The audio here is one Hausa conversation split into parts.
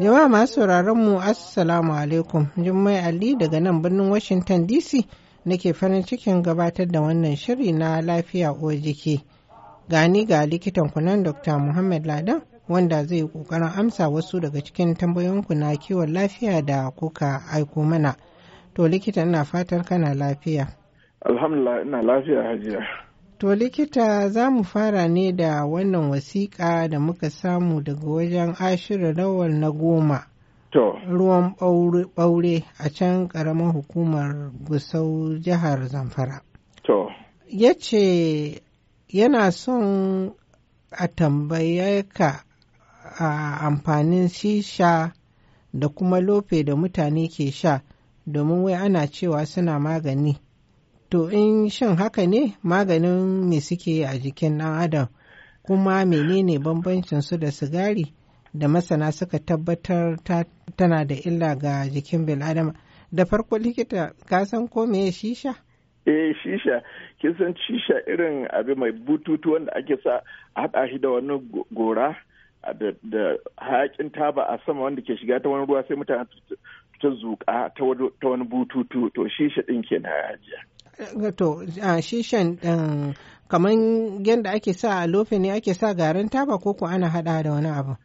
Jama'a masu sauraron mu Assalamu alaikum. Jummai Ali daga nan birnin Washington DC nake farin cikin gabatar da wannan shiri na lafiya uwar jiki. Gani ga likitan kunan Dr. Muhammad Ladan wanda zai yi ƙoƙarin amsa wasu daga cikin tambayoyinku na kiwon lafiya da kuka aiko mana. To likita ina fatar kana lafiya. Alhamdulillah ina lafiya hajiya. To likita za mu fara ne da wannan wasiƙa da muka samu daga wajen ashirin rawar na goma. Ruwan ɓaure a can ƙaramin hukumar Gusau jihar Zamfara. To. Ya ce yana son a tambaye ka a amfanin shisha da kuma lofe da mutane ke sha domin wai ana cewa suna magani. To in shin haka ne maganin me suke a jikin ɗan adam kuma menene bambancin su da sigari da masana suka tabbatar tana da illa ga jikin bil'adama. Da farko likita ka san ko meye shisha? Eh shisha, kin san shisha irin abu mai bututu wanda ake sa a haɗa shi da wani gora da hayakin taba a sama wanda ke shiga ta wani ruwa sai mutane ta zuƙa ta wani bututu to shisha ɗin kenan hajiya. Eh, to shi shan eh, kamar yadda ake sa a lofe ne ake sa garin taba ko ko ana hada da wani abu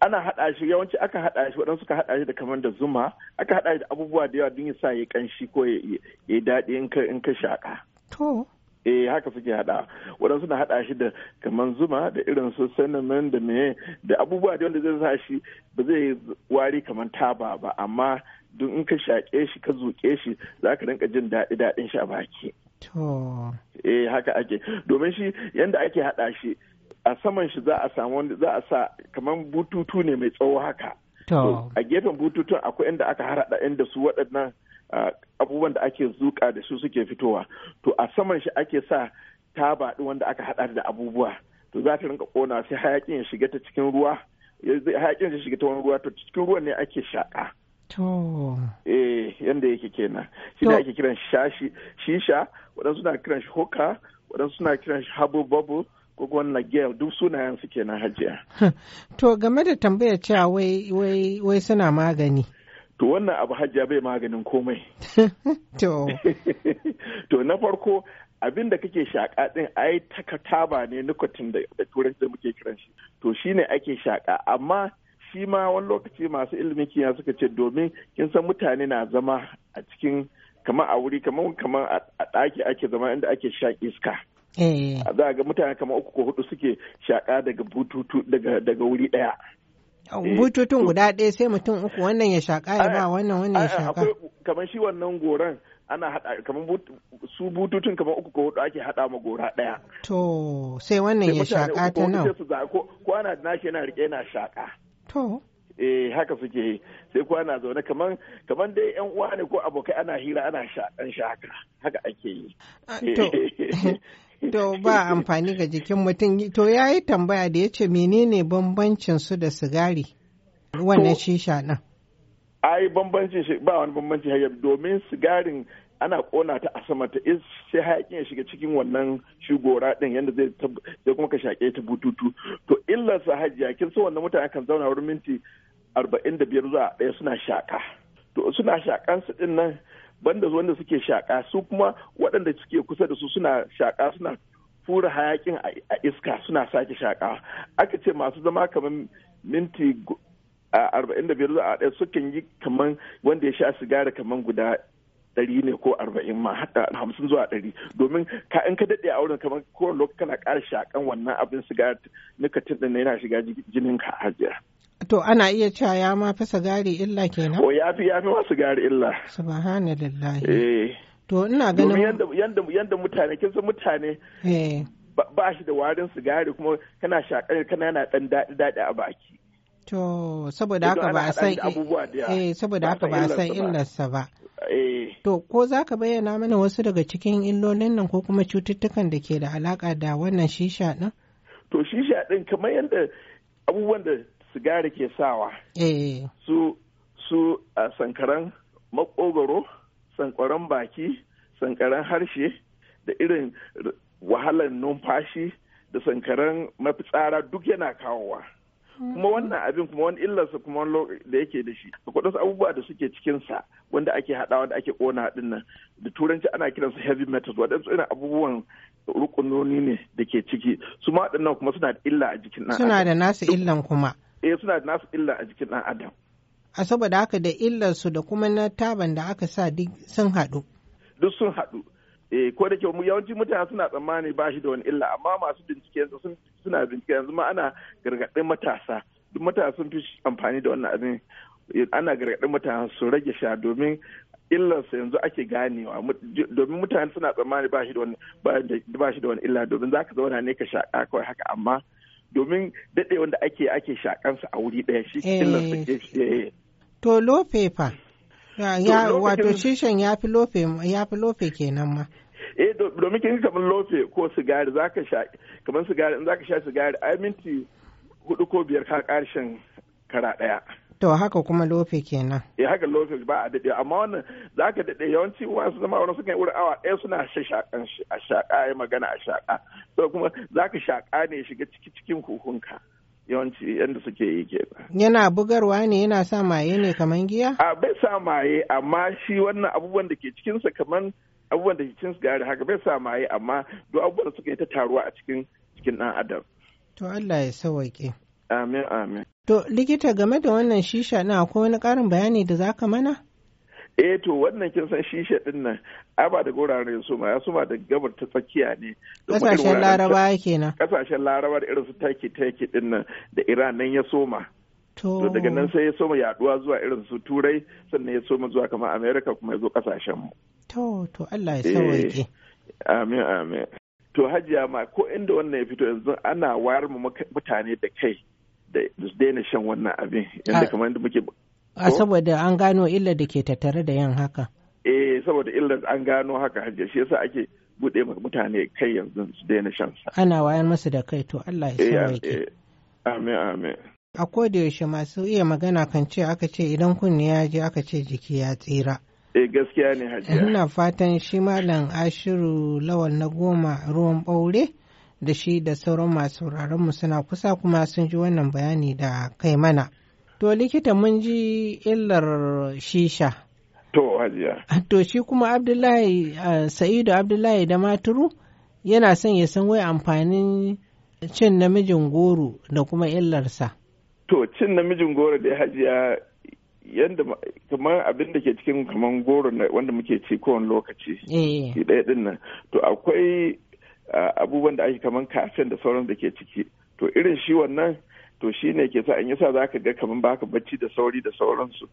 ana hada shi yawanci aka hada shi waɗansu suka hada shi da kamar da zuma aka hada shi da abubuwa da yawa don ya sa ya kanshi ko ya yi daɗi in ka shaka to eh haka suke hada waɗansu na hada shi da kamar zuma da irin su cinnamon da me da abubuwa da wanda zai sa shi ba zai wari kamar taba ba amma duk in ka shaƙe shi ka zuƙe shi za ka rinka jin daɗi daɗin shi a baki. Eh haka ake domin shi yadda ake haɗa shi a saman shi za a samu wanda za a sa kamar bututu ne mai tsawo haka. A gefen bututun akwai inda aka harada inda su waɗannan abubuwan da ake zuƙa da su suke fitowa. To a saman shi ake sa ta baɗi wanda aka haɗa da abubuwa. To za ta rinka ƙona sai hayaƙin ya shiga ta cikin ruwa. Hayaƙin ya shiga ta wani ruwa to cikin ruwan ne ake shaƙa. To. Eh, yanda yake kenan. Shi da ake kiran shashi, shisha, waɗansu na kiran shi hoka, waɗansu na kiran shi habu babu, ko na gel. duk sunayen su kenan hajiya. To game da tambayar cewa wai wai wai suna magani. To wannan abu hajiya bai maganin komai. To. To na farko abin da kake shaƙa ɗin ai takataba taba ne nikotin da turanci da muke kiran shi to shine ake shaƙa amma shi ma wani lokaci masu ilimin kimiyya suka ce domin kin san mutane na zama a cikin kamar a wuri kamar kamar a ɗaki ake zama inda ake sha iska eh. a za ga mutane kamar uku ko hudu suke shaƙa daga bututu daga wuri ɗaya eh, bututun guda ɗaya sai mutum uku wannan ya shaƙa ya ba wannan wannan ya shaƙa kamar shi wannan goran ana haɗa kamar su bututun kamar uku ko hudu ake haɗa ma gora ɗaya to sai wannan ya shaƙa ta nan ko ana nashi yana riƙe yana shaƙa To. eh haka suke yi sai kuwa na zaune kamar dai yan uwa ne ko abokai ana hira ana sha an sha haka haka ake yi ah, to ba amfani ga jikin mutum to ya yi tambaya da ya ce menene bambancin su da sigari wannan shisha nan ai bambancin shi ba wani bambanci hayar domin sigarin ana kona ta a sama ta is sai hayakin ya shiga cikin wannan shugora din yadda zai zai kuma ka shaƙe ta bututu to illa sa hajiya kin so wannan mutane kan zauna wurin minti arba'in da biyar zuwa ɗaya suna shaƙa to suna shaƙan su din nan banda wanda suke shaƙa su kuma waɗanda suke kusa da su suna shaƙa suna fura hayakin a iska suna sake shaƙa aka ce masu zama kamar minti a arba'in da biyar zuwa ɗaya sukan yi kamar wanda ya sha sigari kamar guda ɗari ne ko arba'in ma hamsin zuwa ɗari domin ka in ka daɗe a wurin kamar kowane lokaci kana ƙara shakan wannan abin siga nikotin ɗin yana shiga jinin ka ajiya. To ana iya cewa ya ma fi sigari illa kenan? O ya fi ya fi ma sigari illa. Subhanallah. Eh. To ina ganin. Domin yanda mutane kin san mutane. Eh. Ba shi da warin sigari kuma kana shakar kana yana ɗan daɗi daɗi a baki. To saboda haka ba a san eh saboda haka ba a san illarsa ba. Eh. To ko za ka bayyana mana wasu daga cikin illolin nan ko kuma cututtukan da ke da alaƙa da wannan shisha ɗin? To shisha ɗin kamar yadda abubuwan da sigari ke sawa. Eh. Su su a sankaran makogoro, sankaran baki, sankaran harshe da irin wahalar numfashi da sankaran mafitsara duk yana kawowa. kuma wannan abin kuma wani illarsa kuma wani da yake da shi akwai wasu abubuwa da suke cikin sa wanda ake hadawa da ake kona din nan da turanci ana kiransa heavy metals waɗansu irin abubuwan rukunoni ne da ke ciki su ma waɗannan kuma suna da illa a jikin ɗan adam. suna da nasu illan kuma eh suna da nasu illa a jikin ɗan adam a saboda haka da illarsu da kuma na taban da aka sa duk sun haɗu duk sun haɗu eh ko da kyau yawanci mutane suna tsammani ba shi da wani illa amma masu bincike yanzu suna bincike yanzu ma ana gargaɗin matasa duk matasa sun fi amfani da wannan abin eh, ana gargaɗin matasa su rage sha domin illarsa yanzu ake ganewa domin mutane suna tsammani ba shi da wani illa domin za zauna ne ka shaƙa kai haka amma domin daɗe wanda ake ake shaƙansa a wuri daya shi eh. illarsa ke eh. to lo paper Ah, wato shishin ya fi lofe kenan ma. eh domin kin kamar lofe ko sigari za ka sha kamar sigari in za ka sha sigari ai minti hudu ko biyar ka karshen kara daya to haka kuma lofe kenan eh haka lofe ba a dade amma wannan za ka dade yawanci wasu zama wani yi wurin awa ɗaya suna shakan a shaka ya magana a shaka to kuma za ka shaka ne shiga ciki cikin huhunka yawanci yadda suke yi ke yana bugarwa ne yana sa maye ne kaman giya a bai sa maye amma shi wannan abubuwan da ke cikinsa kaman abubuwan da ke cikin gari haka bai sa maye amma duk abubuwan da suka yi ta taruwa a cikin cikin ɗan adam to Allah ya sawaƙe amin amin to likita game da wannan shisha na akwai wani ƙarin bayani da zaka mana eh to wannan kin san shishe din nan a ba da guraren su ma ya suma da gabar ta tsakiya ne kasashen laraba nan kasashen laraba da irin su taki taki din nan da iran nan ya soma to daga nan sai ya soma yaduwa zuwa irin su turai sannan ya soma zuwa kamar america kuma ya zo kasashen mu to to Allah ya sauke eh, amin amin to hajiya ma ko inda wannan ya fito yanzu ana wayar mu mutane da kai da daina shan wannan abin yadda kamar yadda muke A saboda an gano illar da ke tattare da yin haka. Eh saboda illar an gano haka hajji shi yasa ake buɗe mutane kai yanzu su daina shan sa. Ana wayar musu da kai to Allah ya eh, sauke. Eh, amin amin. A da yaushe masu iya magana kan ce aka ce idan kunni ya je aka ce jiki ya tsira. Eh gaskiya ne hajiya. Eh, ina fatan shi malam Ashiru lawal na goma ruwan baure da shi da sauran masu mu suna kusa kuma sun ji wannan bayani da kai mana. To likita mun ji illar shisha. To hajiya. To shi kuma Abdullahi Sa'idu Abdullahi da Maturu yana son ya san wai amfanin cin namijin goro da kuma illarsa. To cin namijin goro da hajiya yadda kamar abin da ke cikin kamar goro wanda muke ci kowane lokaci. Eh. ɗinnan. To akwai abubuwan da ake kamar kafin da sauran da ke ciki. To irin shi wannan to shi ne ke sa in yasa za ka ga kamar baka bacci da sauri da sauransu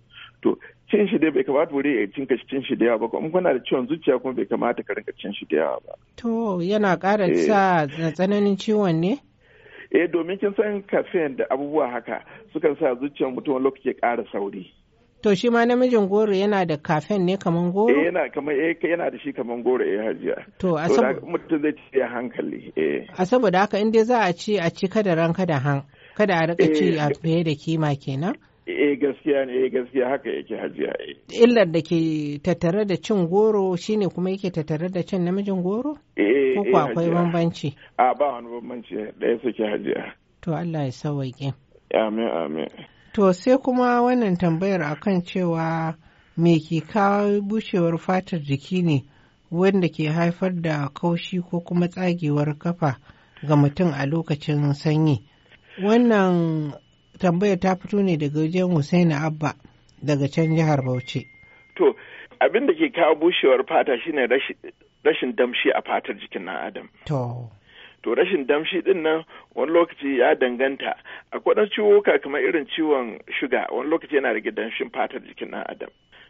to cin shi dai bai kamata wuri ya cin cin shi da yawa ba kuma kuna da ciwon zuciya kuma bai kamata ka rinka cin shi da yawa ba to yana kara eh. sa tsananin ciwon ne eh domin kin san caffeine da abubuwa haka sukan sa zuciyar mutum wani lokaci ƙara sauri to shi ma namijin goro yana da caffeine ne kamar goro eh yana kamar eh yana da shi kamar goro eh hajiya to a saboda mutum zai ci hankali eh a saboda haka in dai za a ci a ci kada ranka da hankali. kada a rika ci a eh, fiye da kima kenan eh gaskiya ne eh, gaskiya haka yake hajiya eh illar da ke tattare da cin goro shine kuma yake tattare da cin namijin goro eh ko ko eh, akwai bambanci a ba wani bambanci ɗaya suke hajiya to Allah ya sauwaƙe amin amin to sai kuma wannan tambayar akan cewa me ke kawo bushewar fatar jiki ne wanda ke haifar da kaushi ko kuma tsagewar kafa ga mutum a lokacin sanyi Wannan tambaya ta fito ne daga wajen Hussaini Abba daga can jihar Bauchi. To, abin da ke kawo bushewar fata shine rashin damshi a fatar jikin na Adam. To. To rashin damshi din nan wani lokaci ya danganta akwai ɗan ciwoka kamar irin ciwon shuga wani lokaci yana rage damshin fatar jikin na Adam.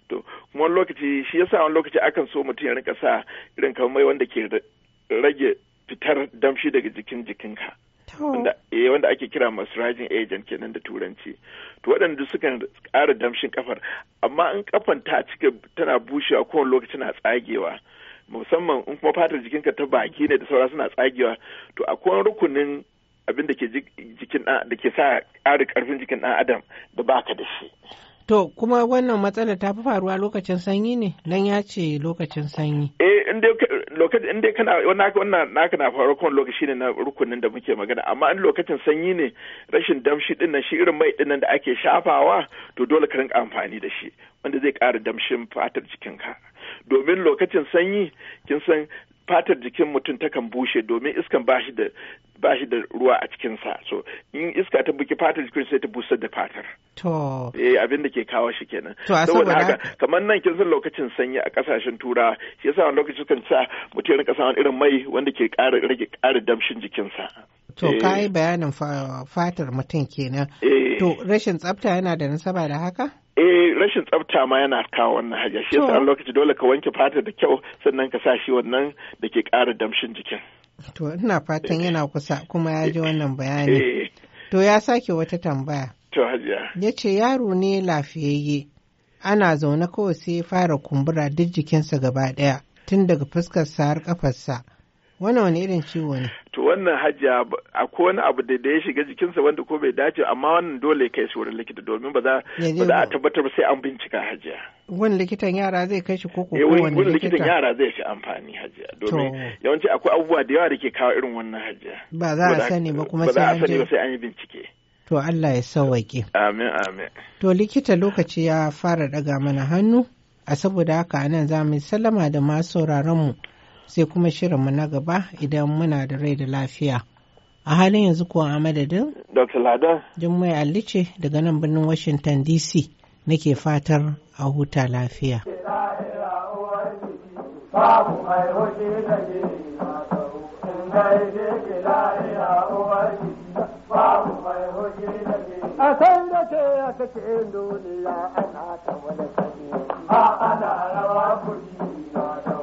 To kuma wani lokaci shi yasa wani lokaci akan so mutum ya rika sa irin kamar wanda ke rage fitar damshi daga jikin jikinka. Hmm. Eh, wanda ake kira rajin agent kenan da turanci to waɗanda suka ƙara damshin kafar amma in kafan ta cika tana bushewa kowane lokaci na tsagewa musamman in kuma fatar jikinka ta baki ne da saura suna tsagewa to akwai rukunin abin da ke sa ƙara karfin jikin ɗan adam da baka da shi To kuma wannan matsala ta fi faruwa lokacin sanyi ne don ya ce lokacin sanyi. Eh in dai kana wannan naka na faruwa kuma lokaci ne na rukunin da muke magana amma in lokacin sanyi ne rashin damshi din nan shi irin mai din da ake shafawa to dole ka rinka amfani da shi wanda zai ƙara damshin fatar jikinka. Domin lokacin sanyi kin san fatar jikin mutum takan bushe domin iskan ba shi da ruwa a cikinsa so in iska ta buki fatar jikin sai ta busar da fatar to eh abin da ke kawo shi kenan saboda haka kamar nan kin san lokacin sanyi a kasashen turawa, shi yasa wani lokaci sukan sa mutum ya rinka samun irin mai wanda ke ƙara rage ƙara damshin jikinsa to kai eh. bayanin fatar mutum kenan eh. to rashin tsafta yana da nasaba da haka eh rashin tsafta ma yana kawo wannan haja shi yasa lokaci dole ka wanke fata da kyau sannan ka sa shi wannan da ke ƙara damshin jikin to ina fatan yana kusa kuma ya ji wannan bayani eh. to ya sake wata tambaya to hajiya ya ce yaro ne lafiyayye ana zaune kawai sai ya fara kumbura duk jikinsa gaba ɗaya tun daga fuskarsa har kafarsa wannan wani irin ciwo ne to wannan hajiya akwai wani abu da ya shiga jikinsa wanda ko bai dace amma wannan dole ya kai shi wurin likita domin ba za a tabbatar ba sai an bincika hajiya wani likitan yara zai kai shi koko wani wani likitan yara zai shi amfani hajiya domin yawanci akwai abubuwa da yawa da ke kawo irin wannan hajiya ba za a sani ba kuma sai an yi bincike to Allah ya sauwaƙe amin amin to likita lokaci ya fara daga mana hannu a saboda haka nan za mu sallama da masu sauraron mu sai kuma shirin mu na gaba idan muna da rai da lafiya. A halin yanzu kuwa a madadin? Dr. Lada. Jummai Alice daga nan birnin Washington DC nake fatar a huta lafiya. Babu mai hoji da ke mata in gaide ke la'ira uwar babu mai hoji da ke a san da ke a kake duniya ana ta wani kare a ana rawa kuri